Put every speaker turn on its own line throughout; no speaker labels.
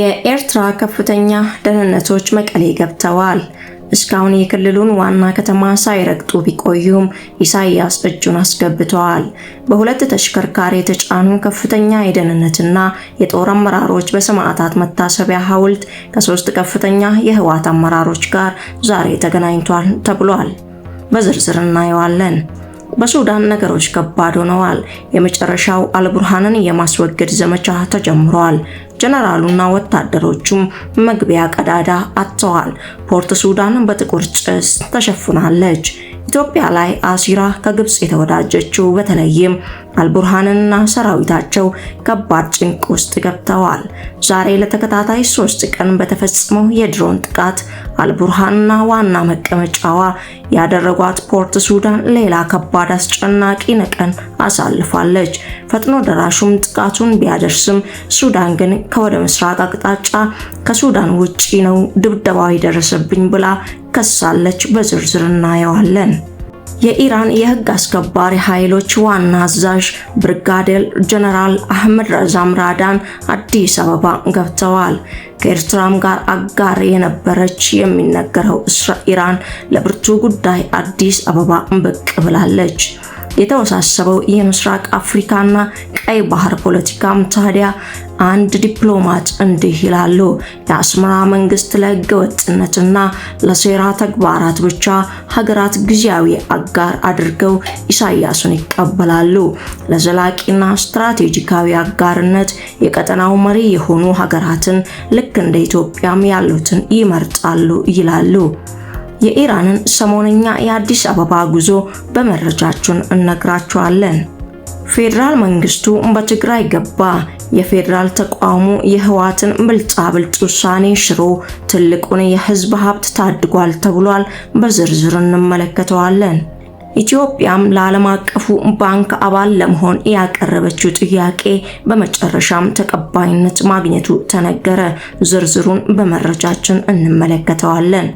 የኤርትራ ከፍተኛ ደህንነቶች መቀሌ ገብተዋል። እስካሁን የክልሉን ዋና ከተማ ሳይረግጡ ቢቆዩም ኢሳያስ እጁን አስገብተዋል። በሁለት ተሽከርካሪ የተጫኑ ከፍተኛ የደህንነትና የጦር አመራሮች በሰማዕታት መታሰቢያ ሐውልት ከሶስት ከፍተኛ የህወሓት አመራሮች ጋር ዛሬ ተገናኝቷል ተብሏል። በዝርዝር እናየዋለን። በሱዳን ነገሮች ከባድ ሆነዋል። የመጨረሻው አልቡርሃንን የማስወገድ ዘመቻ ተጀምሯል። ጀነራሉና ወታደሮቹም መግቢያ ቀዳዳ አጥተዋል። ፖርት ሱዳን በጥቁር ጭስ ተሸፍናለች። ኢትዮጵያ ላይ አሲራ ከግብፅ የተወዳጀችው በተለይም አልቡርሃንና ሰራዊታቸው ከባድ ጭንቅ ውስጥ ገብተዋል። ዛሬ ለተከታታይ ሶስት ቀን በተፈጸመው የድሮን ጥቃት አልቡርሃንና ዋና መቀመጫዋ ያደረጓት ፖርት ሱዳን ሌላ ከባድ አስጨናቂ ነቀን አሳልፋለች። ፈጥኖ ደራሹም ጥቃቱን ቢያደርስም ሱዳን ግን ከወደ ምስራቅ አቅጣጫ ከሱዳን ውጪ ነው ድብደባው የደረሰብኝ ብላ ከሳለች። በዝርዝር እናየዋለን። የኢራን የህግ አስከባሪ ኃይሎች ዋና አዛዥ ብርጋዴር ጀነራል አህመድ ረዛም ራዳን አዲስ አበባ ገብተዋል። ከኤርትራም ጋር አጋር የነበረች የሚነገረው ኢራን ለብርቱ ጉዳይ አዲስ አበባ ብቅ ብላለች። የተወሳሰበው የምስራቅ አፍሪካና ቀይ ባህር ፖለቲካም ታዲያ አንድ ዲፕሎማት እንዲህ ይላሉ። የአስመራ መንግስት ለህገ ወጥነትና ለሴራ ተግባራት ብቻ ሀገራት ጊዜያዊ አጋር አድርገው ኢሳያስን ይቀበላሉ። ለዘላቂና ስትራቴጂካዊ አጋርነት የቀጠናው መሪ የሆኑ ሀገራትን ልክ እንደ ኢትዮጵያም ያሉትን ይመርጣሉ ይላሉ። የኢራንን ሰሞነኛ የአዲስ አበባ ጉዞ በመረጃችን እነግራችኋለን። ፌዴራል መንግስቱ በትግራይ ገባ። የፌዴራል ተቋሙ የህወሓትን ብልጫ ብልጭ ውሳኔ ሽሮ ትልቁን የህዝብ ሀብት ታድጓል ተብሏል። በዝርዝር እንመለከተዋለን። ኢትዮጵያም ለዓለም አቀፉ ባንክ አባል ለመሆን ያቀረበችው ጥያቄ በመጨረሻም ተቀባይነት ማግኘቱ ተነገረ። ዝርዝሩን በመረጃችን እንመለከተዋለን።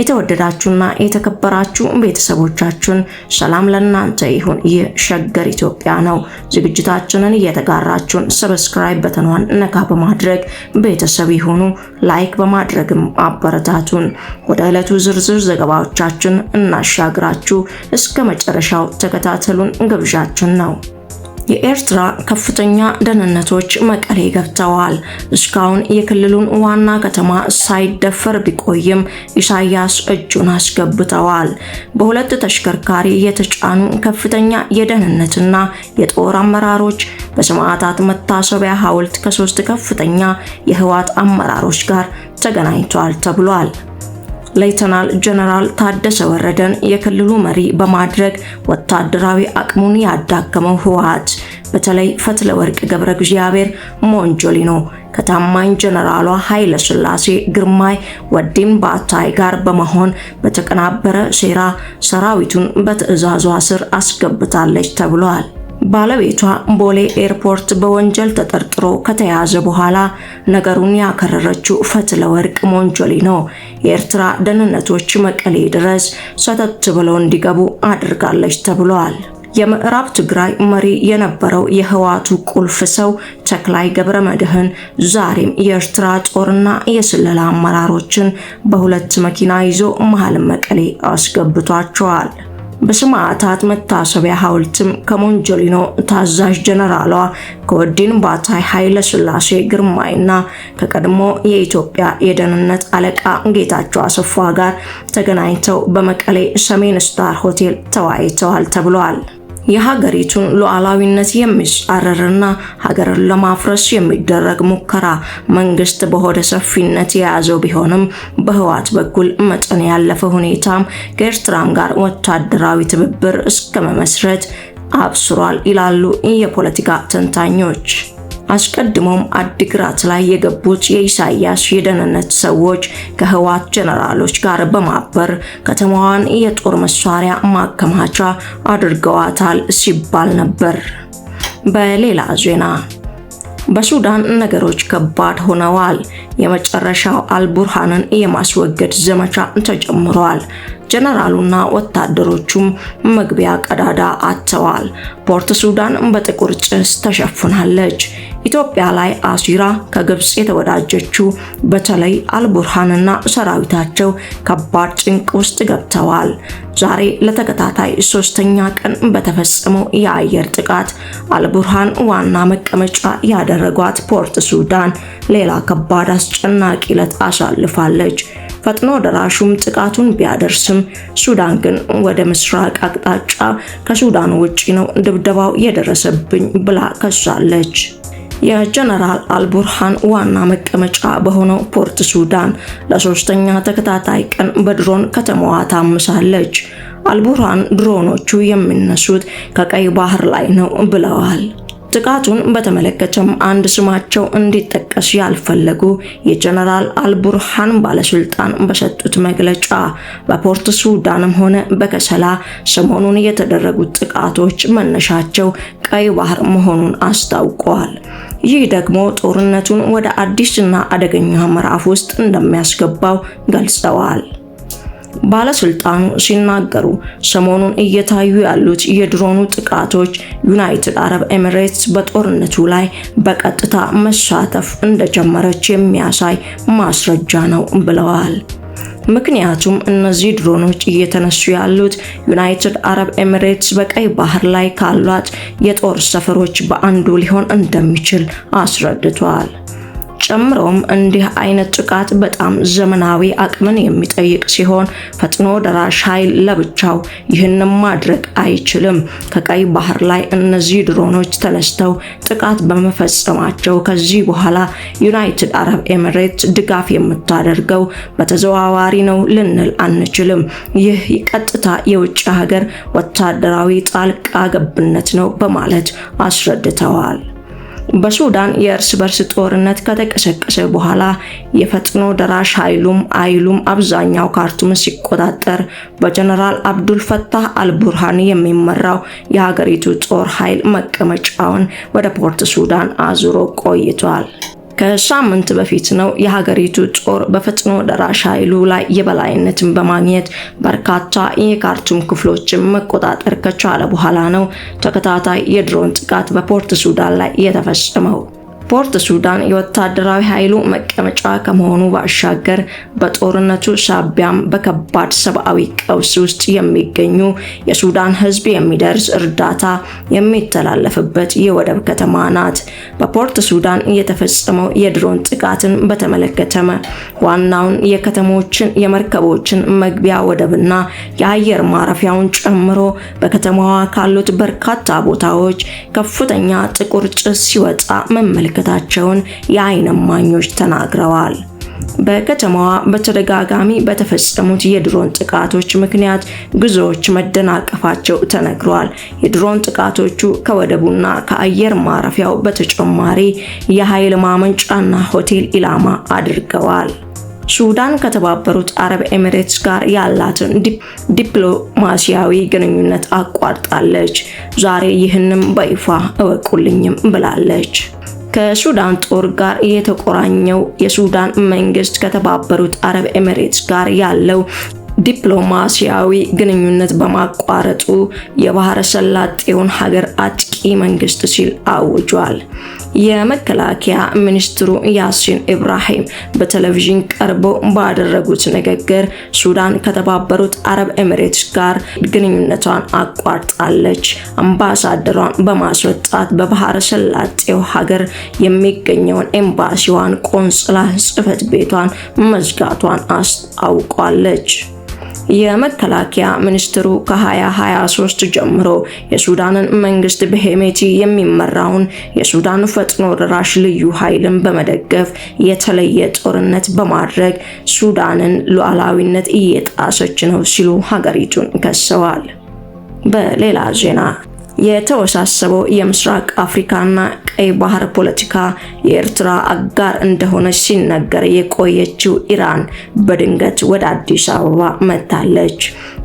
የተወደዳችሁና የተከበራችሁ ቤተሰቦቻችን ሰላም ለእናንተ ይሁን። ይህ ሸገር ኢትዮጵያ ነው። ዝግጅታችንን እየተጋራችሁን ሰብስክራይብ በተኗን ነካ በማድረግ ቤተሰብ ይሁኑ። ላይክ በማድረግም አበረታቱን። ወደ ዕለቱ ዝርዝር ዘገባዎቻችን እናሻግራችሁ። እስከ መጨረሻው ተከታተሉን ግብዣችን ነው። የኤርትራ ከፍተኛ ደህንነቶች መቀሌ ገብተዋል። እስካሁን የክልሉን ዋና ከተማ ሳይደፈር ቢቆይም ኢሳያስ እጁን አስገብተዋል። በሁለት ተሽከርካሪ የተጫኑ ከፍተኛ የደህንነትና የጦር አመራሮች በሰማዕታት መታሰቢያ ሐውልት ከሶስት ከፍተኛ የህወሓት አመራሮች ጋር ተገናኝቷል ተብሏል። ሌተናል ጀነራል ታደሰ ወረደን የክልሉ መሪ በማድረግ ወታደራዊ አቅሙን ያዳከመው ህወሓት በተለይ ፈትለ ወርቅ ገብረ እግዚአብሔር ሞንጆሊኖ ከታማኝ ጀነራሏ ኃይለ ሥላሴ ግርማይ ወዲም ባታይ ጋር በመሆን በተቀናበረ ሴራ ሰራዊቱን በትዕዛዟ ስር አስገብታለች ተብሏል። ባለቤቷ ቦሌ ኤርፖርት በወንጀል ተጠርጥሮ ከተያዘ በኋላ ነገሩን ያከረረችው ፈትለ ወርቅ ሞንጆሊ ነው። የኤርትራ ደህንነቶች መቀሌ ድረስ ሰተት ብለው እንዲገቡ አድርጋለች ተብሏል። የምዕራብ ትግራይ መሪ የነበረው የህወሓቱ ቁልፍ ሰው ተክላይ ገብረ መድህን ዛሬም የኤርትራ ጦርና የስለላ አመራሮችን በሁለት መኪና ይዞ መሃል መቀሌ አስገብቷቸዋል። በሰማዕታት መታሰቢያ ሐውልትም ከሞንጆሊኖ ታዛዥ ጀነራሏ ከወዲን ባታይ ኃይለ ሥላሴ ግርማይና ከቀድሞ የኢትዮጵያ የደህንነት አለቃ ጌታቸው አሰፋ ጋር ተገናኝተው በመቀሌ ሰሜን ስታር ሆቴል ተወያይተዋል ተብሏል። የሀገሪቱን ሉዓላዊነት የሚጻረርና ሀገርን ለማፍረስ የሚደረግ ሙከራ መንግስት በሆደ ሰፊነት የያዘው ቢሆንም በህወሓት በኩል መጠን ያለፈ ሁኔታም ከኤርትራም ጋር ወታደራዊ ትብብር እስከ መመስረት አብስሯል ይላሉ የፖለቲካ ተንታኞች። አስቀድሞም አድግራት ላይ የገቡት የኢሳያስ የደህንነት ሰዎች ከህዋት ጀነራሎች ጋር በማበር ከተማዋን የጦር መሳሪያ ማከማቻ አድርገዋታል ሲባል ነበር። በሌላ ዜና በሱዳን ነገሮች ከባድ ሆነዋል። የመጨረሻው አልቡርሃንን የማስወገድ ዘመቻ ተጀምሯል። ጀነራሉና ወታደሮቹም መግቢያ ቀዳዳ አጥተዋል። ፖርት ሱዳን በጥቁር ጭስ ተሸፍናለች። ኢትዮጵያ ላይ አሲራ ከግብፅ የተወዳጀችው በተለይ አልቡርሃንና ሰራዊታቸው ከባድ ጭንቅ ውስጥ ገብተዋል። ዛሬ ለተከታታይ ሶስተኛ ቀን በተፈጸመው የአየር ጥቃት አልቡርሃን ዋና መቀመጫ ያደረጓት ፖርት ሱዳን ሌላ ከባድ አስጨናቂ ዕለት አሳልፋለች። ፈጥኖ ደራሹም ጥቃቱን ቢያደርስም ሱዳን ግን ወደ ምስራቅ አቅጣጫ ከሱዳን ውጪ ነው ድብደባው የደረሰብኝ ብላ ከሳለች። የጀነራል አልቡርሃን ዋና መቀመጫ በሆነው ፖርት ሱዳን ለሶስተኛ ተከታታይ ቀን በድሮን ከተማዋ ታምሳለች። አልቡርሃን ድሮኖቹ የሚነሱት ከቀይ ባህር ላይ ነው ብለዋል። ጥቃቱን በተመለከተም አንድ ስማቸው እንዲጠቀስ ያልፈለጉ የጀነራል አልቡርሃን ባለስልጣን በሰጡት መግለጫ በፖርት ሱዳንም ሆነ በከሰላ ሰሞኑን የተደረጉት ጥቃቶች መነሻቸው ቀይ ባህር መሆኑን አስታውቀዋል። ይህ ደግሞ ጦርነቱን ወደ አዲስና አደገኛ ምዕራፍ ውስጥ እንደሚያስገባው ገልጸዋል። ባለስልጣኑ ሲናገሩ ሰሞኑን እየታዩ ያሉት የድሮኑ ጥቃቶች ዩናይትድ አረብ ኤሚሬትስ በጦርነቱ ላይ በቀጥታ መሳተፍ እንደጀመረች የሚያሳይ ማስረጃ ነው ብለዋል። ምክንያቱም እነዚህ ድሮኖች እየተነሱ ያሉት ዩናይትድ አረብ ኤሚሬትስ በቀይ ባህር ላይ ካሏት የጦር ሰፈሮች በአንዱ ሊሆን እንደሚችል አስረድቷል። ጨምሮም እንዲህ አይነት ጥቃት በጣም ዘመናዊ አቅምን የሚጠይቅ ሲሆን ፈጥኖ ደራሽ ኃይል ለብቻው ይህን ማድረግ አይችልም። ከቀይ ባህር ላይ እነዚህ ድሮኖች ተነስተው ጥቃት በመፈጸማቸው ከዚህ በኋላ ዩናይትድ አረብ ኤሚሬትስ ድጋፍ የምታደርገው በተዘዋዋሪ ነው ልንል አንችልም። ይህ ቀጥታ የውጭ ሀገር ወታደራዊ ጣልቃ ገብነት ነው በማለት አስረድተዋል። በሱዳን የእርስ በርስ ጦርነት ከተቀሰቀሰ በኋላ የፈጥኖ ደራሽ ኃይሉም አይሉም አብዛኛው ካርቱምን ሲቆጣጠር በጀነራል አብዱል ፈታህ አልቡርሃን የሚመራው የሀገሪቱ ጦር ኃይል መቀመጫውን ወደ ፖርት ሱዳን አዙሮ ቆይቷል። ከሳምንት በፊት ነው የሀገሪቱ ጦር በፈጥኖ ደራሽ ኃይሉ ላይ የበላይነትን በማግኘት በርካታ የካርቱም ክፍሎችን መቆጣጠር ከቻለ በኋላ ነው ተከታታይ የድሮን ጥቃት በፖርት ሱዳን ላይ የተፈጸመው። ፖርት ሱዳን የወታደራዊ ኃይሉ መቀመጫ ከመሆኑ ባሻገር በጦርነቱ ሳቢያም በከባድ ሰብአዊ ቀውስ ውስጥ የሚገኙ የሱዳን ሕዝብ የሚደርስ እርዳታ የሚተላለፍበት የወደብ ከተማ ናት። በፖርት ሱዳን የተፈጸመው የድሮን ጥቃትን በተመለከተም ዋናውን የከተሞችን የመርከቦችን መግቢያ ወደብና የአየር ማረፊያውን ጨምሮ በከተማዋ ካሉት በርካታ ቦታዎች ከፍተኛ ጥቁር ጭስ ሲወጣ መመልከት መመልከታቸውን የአይን እማኞች ተናግረዋል። በከተማዋ በተደጋጋሚ በተፈጸሙት የድሮን ጥቃቶች ምክንያት ጉዞዎች መደናቀፋቸው ተነግሯል። የድሮን ጥቃቶቹ ከወደቡና ከአየር ማረፊያው በተጨማሪ የኃይል ማመንጫና ሆቴል ኢላማ አድርገዋል። ሱዳን ከተባበሩት አረብ ኤሚሬትስ ጋር ያላትን ዲፕሎማሲያዊ ግንኙነት አቋርጣለች። ዛሬ ይህንም በይፋ እወቁልኝም ብላለች። ከሱዳን ጦር ጋር የተቆራኘው የሱዳን መንግስት ከተባበሩት አረብ ኤሚሬትስ ጋር ያለው ዲፕሎማሲያዊ ግንኙነት በማቋረጡ የባህረ ሰላጤውን ሀገር አጥቂ መንግስት ሲል አውጇል። የመከላከያ ሚኒስትሩ ያሲን ኢብራሂም በቴሌቪዥን ቀርበው ባደረጉት ንግግር ሱዳን ከተባበሩት አረብ ኤሚሬትስ ጋር ግንኙነቷን አቋርጣለች፣ አምባሳደሯን በማስወጣት በባህረ ሰላጤው ሀገር የሚገኘውን ኤምባሲዋን፣ ቆንጽላ ጽህፈት ቤቷን መዝጋቷን አስታውቋለች። የመከላከያ ሚኒስትሩ ከ2023 ጀምሮ የሱዳንን መንግስት በሄሜቲ የሚመራውን የሱዳን ፈጥኖ ደራሽ ልዩ ኃይልን በመደገፍ የተለየ ጦርነት በማድረግ ሱዳንን ሉዓላዊነት እየጣሰች ነው ሲሉ ሀገሪቱን ከሰዋል። በሌላ ዜና የተወሳሰበው የምስራቅ አፍሪካና ቀይ ባህር ፖለቲካ የኤርትራ አጋር እንደሆነች ሲነገር የቆየችው ኢራን በድንገት ወደ አዲስ አበባ መጥታለች።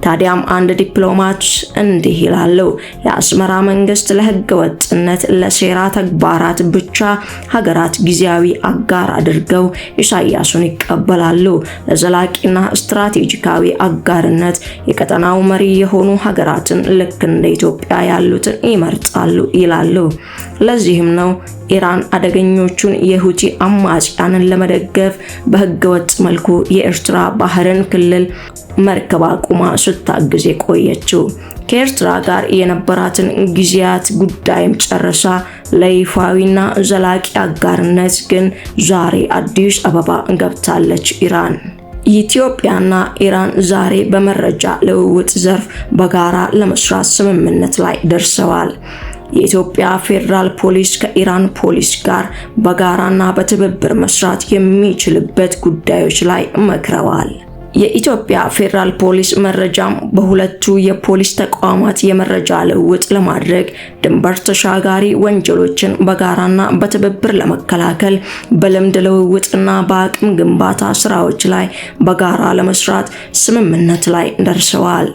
ታዲያም አንድ ዲፕሎማት እንዲህ ይላሉ። የአስመራ መንግስት ለህገ ወጥነት፣ ለሴራ ተግባራት ብቻ ሀገራት ጊዜያዊ አጋር አድርገው ኢሳያሱን ይቀበላሉ። ለዘላቂና ስትራቴጂካዊ አጋርነት የቀጠናው መሪ የሆኑ ሀገራትን ልክ እንደ ኢትዮጵያ ያሉ ያሉትን ይመርጣሉ ይላሉ። ለዚህም ነው ኢራን አደገኞቹን የሁቲ አማጽያንን ለመደገፍ በህገወጥ መልኩ የኤርትራ ባህርን ክልል መርከብ አቁማ ስታግዝ የቆየችው። ከኤርትራ ጋር የነበራትን ጊዜያት ጉዳይም ጨርሳ ለይፋዊና ዘላቂ አጋርነት ግን ዛሬ አዲስ አበባ ገብታለች ኢራን። ኢትዮጵያና ኢራን ዛሬ በመረጃ ልውውጥ ዘርፍ በጋራ ለመስራት ስምምነት ላይ ደርሰዋል። የኢትዮጵያ ፌዴራል ፖሊስ ከኢራን ፖሊስ ጋር በጋራና በትብብር መስራት የሚችልበት ጉዳዮች ላይ መክረዋል። የኢትዮጵያ ፌዴራል ፖሊስ መረጃም በሁለቱ የፖሊስ ተቋማት የመረጃ ልውውጥ ለማድረግ ድንበር ተሻጋሪ ወንጀሎችን በጋራና በትብብር ለመከላከል በልምድ ልውውጥና በአቅም ግንባታ ስራዎች ላይ በጋራ ለመስራት ስምምነት ላይ ደርሰዋል።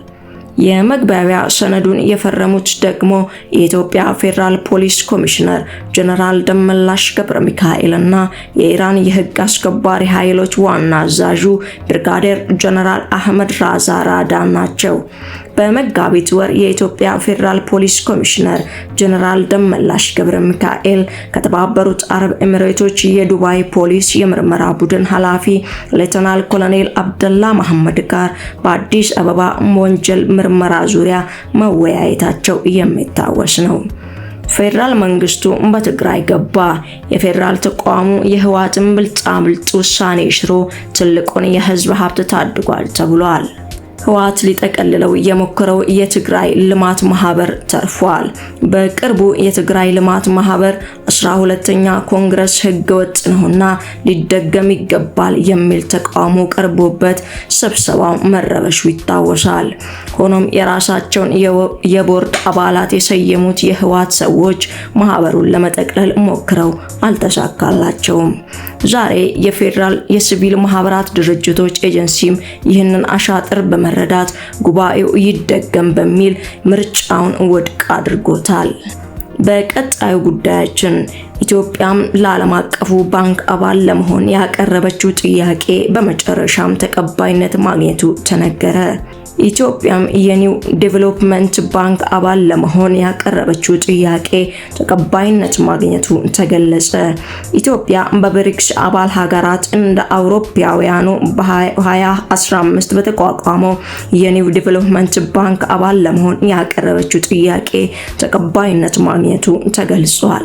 የመግባቢያ ሰነዱን የፈረሙት ደግሞ የኢትዮጵያ ፌዴራል ፖሊስ ኮሚሽነር ጀነራል ደመላሽ ገብረ ሚካኤል የኢራን የህግ አስከባሪ ኃይሎች ዋና አዛዡ ብርጋዴር ጀነራል አህመድ ራዛ ራዳን ናቸው። በመጋቢት ወር የኢትዮጵያ ፌዴራል ፖሊስ ኮሚሽነር ጀነራል ደመላሽ ገብረ ሚካኤል ከተባበሩት አረብ ኤምሬቶች የዱባይ ፖሊስ የምርመራ ቡድን ኃላፊ ሌተናል ኮሎኔል አብደላ መሐመድ ጋር በአዲስ አበባ ወንጀል ምርመራ ዙሪያ መወያየታቸው የሚታወስ ነው። ፌዴራል መንግስቱ በትግራይ ገባ። የፌዴራል ተቋሙ የህወሓትን ብልጫ ብልጥ ውሳኔ ሽሮ ትልቁን የህዝብ ሀብት ታድጓል ተብሏል። ህወሓት ሊጠቀልለው የሞከረው የትግራይ ልማት ማህበር ተርፏል። በቅርቡ የትግራይ ልማት ማህበር 12ኛ ኮንግረስ ህገወጥ ነውና ሊደገም ይገባል የሚል ተቃውሞ ቀርቦበት ስብሰባው መረበሹ ይታወሳል። ሆኖም የራሳቸውን የቦርድ አባላት የሰየሙት የህወሓት ሰዎች ማህበሩን ለመጠቅለል ሞክረው አልተሳካላቸውም። ዛሬ የፌዴራል የሲቪል ማህበራት ድርጅቶች ኤጀንሲም ይህንን አሻጥር በመረዳት ጉባኤው ይደገም በሚል ምርጫውን ውድቅ አድርጎታል። በቀጣዩ ጉዳያችን ኢትዮጵያም ለዓለም አቀፉ ባንክ አባል ለመሆን ያቀረበችው ጥያቄ በመጨረሻም ተቀባይነት ማግኘቱ ተነገረ። ኢትዮጵያም የኒው ዴቨሎፕመንት ባንክ አባል ለመሆን ያቀረበችው ጥያቄ ተቀባይነት ማግኘቱ ተገለጸ። ኢትዮጵያ በብሪክስ አባል ሀገራት እንደ አውሮፓውያኑ በ2015 በተቋቋመው የኒው ዴቨሎፕመንት ባንክ አባል ለመሆን ያቀረበችው ጥያቄ ተቀባይነት ማግኘቱ ተገልጿል።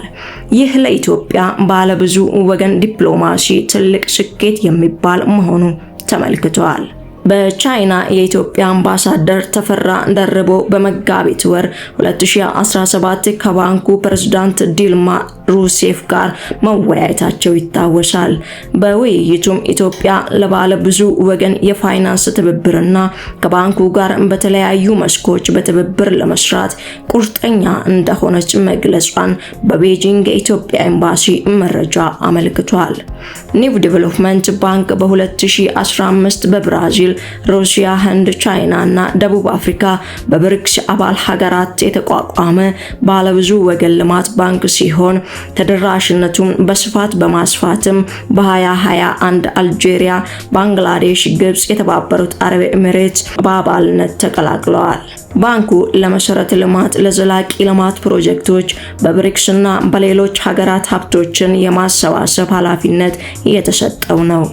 ይህ ለኢትዮጵያ ባለብዙ ወገን ዲፕሎማሲ ትልቅ ስኬት የሚባል መሆኑ ተመልክቷል። በቻይና የኢትዮጵያ አምባሳደር ተፈራ ደርቦ በመጋቢት ወር 2017 ከባንኩ ፕሬዝዳንት ዲልማ ሩሴፍ ጋር መወያየታቸው ይታወሳል። በውይይቱም ኢትዮጵያ ለባለ ብዙ ወገን የፋይናንስ ትብብርና ከባንኩ ጋር በተለያዩ መስኮች በትብብር ለመስራት ቁርጠኛ እንደሆነች መግለጿን በቤጂንግ የኢትዮጵያ ኤምባሲ መረጃ አመልክቷል። ኒው ዲቨሎፕመንት ባንክ በ2015 በብራዚል፣ ሩሲያ፣ ህንድ፣ ቻይና እና ደቡብ አፍሪካ በብሪክስ አባል ሀገራት የተቋቋመ ባለብዙ ወገን ልማት ባንክ ሲሆን ተደራሽነቱን በስፋት በማስፋትም በ2021 አልጄሪያ፣ ባንግላዴሽ፣ ግብጽ፣ የተባበሩት አረብ ኤምሬት በአባልነት ተቀላቅለዋል። ባንኩ ለመሰረተ ልማት፣ ለዘላቂ ልማት ፕሮጀክቶች በብሪክስና በሌሎች ሀገራት ሀብቶችን የማሰባሰብ ኃላፊነት እየተሰጠው ነው።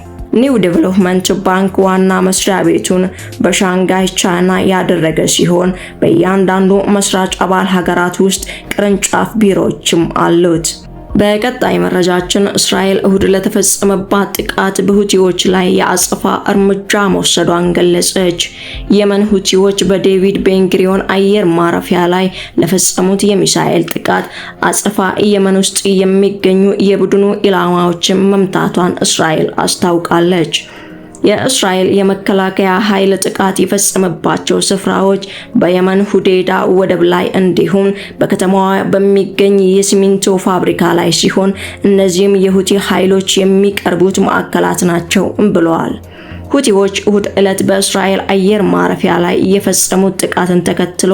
ኒው ዴቨሎፕመንት ባንክ ዋና መስሪያ ቤቱን በሻንጋይ ቻይና ያደረገ ሲሆን በእያንዳንዱ መስራች አባል ሀገራት ውስጥ ቅርንጫፍ ቢሮዎችም አሉት። በቀጣይ መረጃችን እስራኤል እሁድ ለተፈጸመባት ጥቃት በሁቲዎች ላይ የአጸፋ እርምጃ መውሰዷን ገለጸች። የመን ሁቲዎች በዴቪድ ቤንግሪዮን አየር ማረፊያ ላይ ለፈጸሙት የሚሳኤል ጥቃት አጸፋ የመን ውስጥ የሚገኙ የቡድኑ ኢላማዎችን መምታቷን እስራኤል አስታውቃለች። የእስራኤል የመከላከያ ኃይል ጥቃት የፈጸመባቸው ስፍራዎች በየመን ሁዴዳ ወደብ ላይ እንዲሁም በከተማዋ በሚገኝ የሲሚንቶ ፋብሪካ ላይ ሲሆን እነዚህም የሁቲ ኃይሎች የሚቀርቡት ማዕከላት ናቸው ብለዋል። ሁቲዎች እሁድ ዕለት በእስራኤል አየር ማረፊያ ላይ የፈጸሙት ጥቃትን ተከትሎ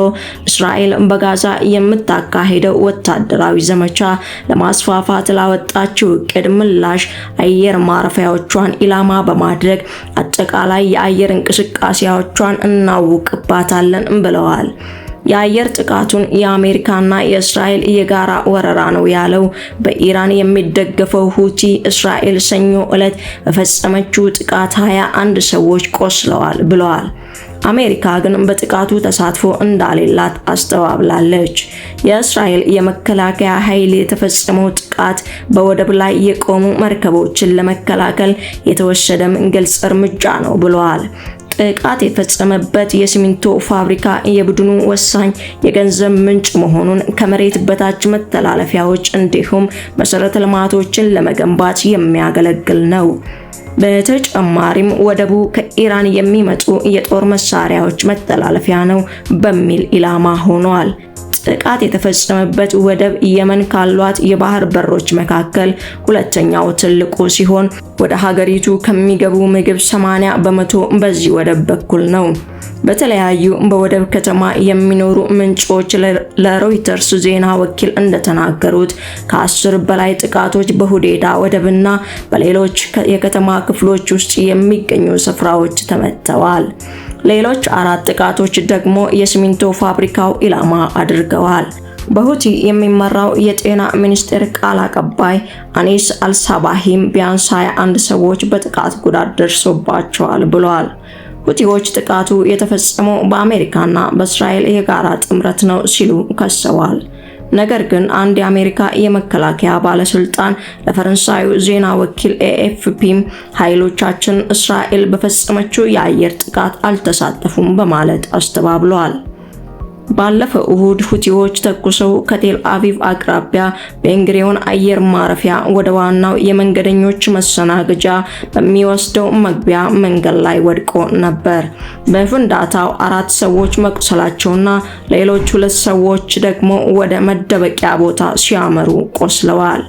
እስራኤል በጋዛ የምታካሄደው ወታደራዊ ዘመቻ ለማስፋፋት ላወጣችው እቅድ ምላሽ አየር ማረፊያዎቿን ኢላማ በማድረግ አጠቃላይ የአየር እንቅስቃሴዎቿን እናውቅባታለን ብለዋል። የአየር ጥቃቱን የአሜሪካና የእስራኤል የጋራ ወረራ ነው ያለው። በኢራን የሚደገፈው ሁቲ እስራኤል ሰኞ ዕለት በፈጸመችው ጥቃት 21 ሰዎች ቆስለዋል ብለዋል። አሜሪካ ግን በጥቃቱ ተሳትፎ እንዳሌላት አስተባብላለች። የእስራኤል የመከላከያ ኃይል የተፈጸመው ጥቃት በወደብ ላይ የቆሙ መርከቦችን ለመከላከል የተወሰደም ግልጽ እርምጃ ነው ብለዋል። ጥቃት የፈጸመበት የሲሚንቶ ፋብሪካ የቡድኑ ወሳኝ የገንዘብ ምንጭ መሆኑን ከመሬት በታች መተላለፊያዎች እንዲሁም መሰረተ ልማቶችን ለመገንባት የሚያገለግል ነው። በተጨማሪም ወደቡ ከኢራን የሚመጡ የጦር መሳሪያዎች መተላለፊያ ነው በሚል ኢላማ ሆኗል። ጥቃት የተፈጸመበት ወደብ የመን ካሏት የባህር በሮች መካከል ሁለተኛው ትልቁ ሲሆን ወደ ሀገሪቱ ከሚገቡ ምግብ 80 በመቶ በዚህ ወደብ በኩል ነው። በተለያዩ በወደብ ከተማ የሚኖሩ ምንጮች ለሮይተርስ ዜና ወኪል እንደተናገሩት ከአስር በላይ ጥቃቶች በሁዴዳ ወደብና በሌሎች የከተማ ክፍሎች ውስጥ የሚገኙ ስፍራዎች ተመተዋል። ሌሎች አራት ጥቃቶች ደግሞ የሲሚንቶ ፋብሪካው ኢላማ አድርገዋል። በሁቲ የሚመራው የጤና ሚኒስቴር ቃል አቀባይ አኒስ አልሳባሂም ቢያንስ 21 ሰዎች በጥቃት ጉዳት ደርሶባቸዋል ብሏል። ሁቲዎች ጥቃቱ የተፈጸመው በአሜሪካና በእስራኤል የጋራ ጥምረት ነው ሲሉ ከሰዋል። ነገር ግን አንድ የአሜሪካ የመከላከያ ባለስልጣን ለፈረንሳዩ ዜና ወኪል ኤኤፍፒም ኃይሎቻችን እስራኤል በፈጸመችው የአየር ጥቃት አልተሳተፉም በማለት አስተባብለዋል። ባለፈው እሁድ ሁቲዎች ተኩሰው ከቴል አቪቭ አቅራቢያ ቤንግሪዮን አየር ማረፊያ ወደ ዋናው የመንገደኞች መሰናገጃ በሚወስደው መግቢያ መንገድ ላይ ወድቆ ነበር። በፍንዳታው አራት ሰዎች መቁሰላቸውና ሌሎች ሁለት ሰዎች ደግሞ ወደ መደበቂያ ቦታ ሲያመሩ ቆስለዋል።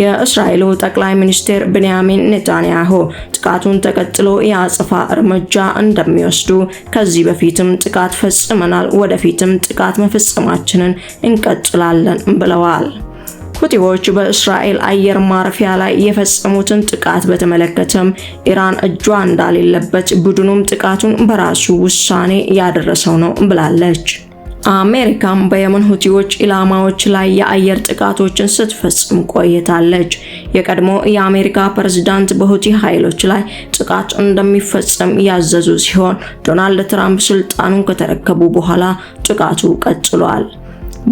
የእስራኤሉ ጠቅላይ ሚኒስትር ብንያሚን ኔታንያሁ ጥቃቱን ተከትሎ የአጽፋ እርምጃ እንደሚወስዱ ከዚህ በፊትም ጥቃት ፈጽመናል፣ ወደፊትም ጥቃት መፈጸማችንን እንቀጥላለን ብለዋል። ሁቲዎች በእስራኤል አየር ማረፊያ ላይ የፈጸሙትን ጥቃት በተመለከተም ኢራን እጇ እንዳሌለበት ቡድኑም ጥቃቱን በራሱ ውሳኔ ያደረሰው ነው ብላለች። አሜሪካም በየመን ሁቲዎች ኢላማዎች ላይ የአየር ጥቃቶችን ስትፈጽም ቆይታለች። የቀድሞ የአሜሪካ ፕሬዝዳንት በሁቲ ኃይሎች ላይ ጥቃት እንደሚፈጸም ያዘዙ ሲሆን ዶናልድ ትራምፕ ስልጣኑን ከተረከቡ በኋላ ጥቃቱ ቀጥሏል።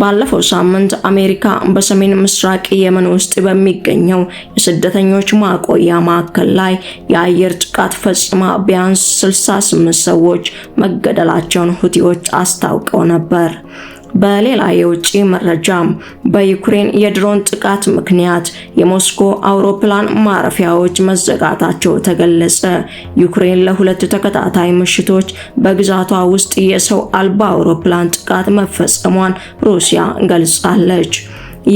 ባለፈው ሳምንት አሜሪካ በሰሜን ምስራቅ የመን ውስጥ በሚገኘው የስደተኞች ማቆያ ማዕከል ላይ የአየር ጥቃት ፈጽማ ቢያንስ 68 ሰዎች መገደላቸውን ሁቲዎች አስታውቀው ነበር። በሌላ የውጭ መረጃ በዩክሬን የድሮን ጥቃት ምክንያት የሞስኮ አውሮፕላን ማረፊያዎች መዘጋታቸው ተገለጸ። ዩክሬን ለሁለት ተከታታይ ምሽቶች በግዛቷ ውስጥ የሰው አልባ አውሮፕላን ጥቃት መፈጸሟን ሩሲያ ገልጻለች።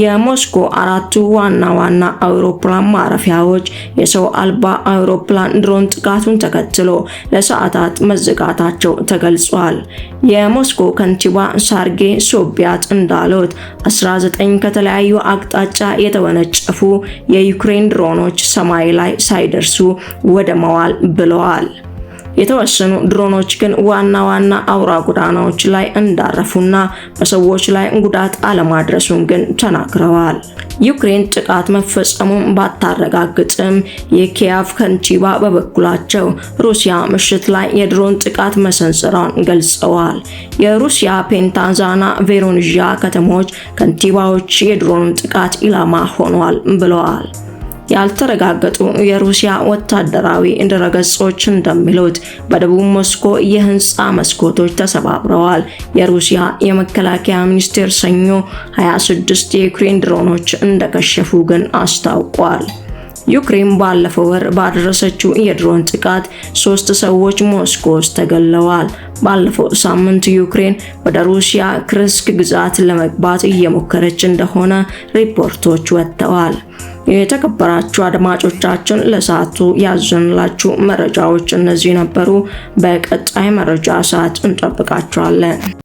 የሞስኮ አራቱ ዋና ዋና አውሮፕላን ማረፊያዎች የሰው አልባ አውሮፕላን ድሮን ጥቃቱን ተከትሎ ለሰዓታት መዘጋታቸው ተገልጿል። የሞስኮ ከንቲባ ሳርጌ ሶቢያት እንዳሉት 19 ከተለያዩ አቅጣጫ የተወነጨፉ የዩክሬን ድሮኖች ሰማይ ላይ ሳይደርሱ ወደ መዋል ብለዋል። የተወሰኑ ድሮኖች ግን ዋና ዋና አውራ ጎዳናዎች ላይ እንዳረፉና በሰዎች ላይ ጉዳት አለማድረሱን ግን ተናግረዋል። ዩክሬን ጥቃት መፈጸሙን ባታረጋግጥም የኪያቭ ከንቲባ በበኩላቸው ሩሲያ ምሽት ላይ የድሮን ጥቃት መሰንዘሯን ገልጸዋል። የሩሲያ ፔንታዛና ቬሮንዣ ከተሞች ከንቲባዎች የድሮን ጥቃት ኢላማ ሆኗል ብለዋል። ያልተረጋገጡ የሩሲያ ወታደራዊ ድረገጾች እንደሚሉት በደቡብ ሞስኮ የህንፃ መስኮቶች ተሰባብረዋል። የሩሲያ የመከላከያ ሚኒስቴር ሰኞ 26 የዩክሬን ድሮኖች እንደከሸፉ ግን አስታውቋል። ዩክሬን ባለፈው ወር ባደረሰችው የድሮን ጥቃት ሶስት ሰዎች ሞስኮ ውስጥ ተገለዋል። ባለፈው ሳምንት ዩክሬን ወደ ሩሲያ ክርስክ ግዛት ለመግባት እየሞከረች እንደሆነ ሪፖርቶች ወጥተዋል። የተከበራችሁ አድማጮቻችን ለሰዓቱ ያዘንላችሁ መረጃዎች እነዚህ ነበሩ። በቀጣይ መረጃ ሰዓት እንጠብቃችኋለን።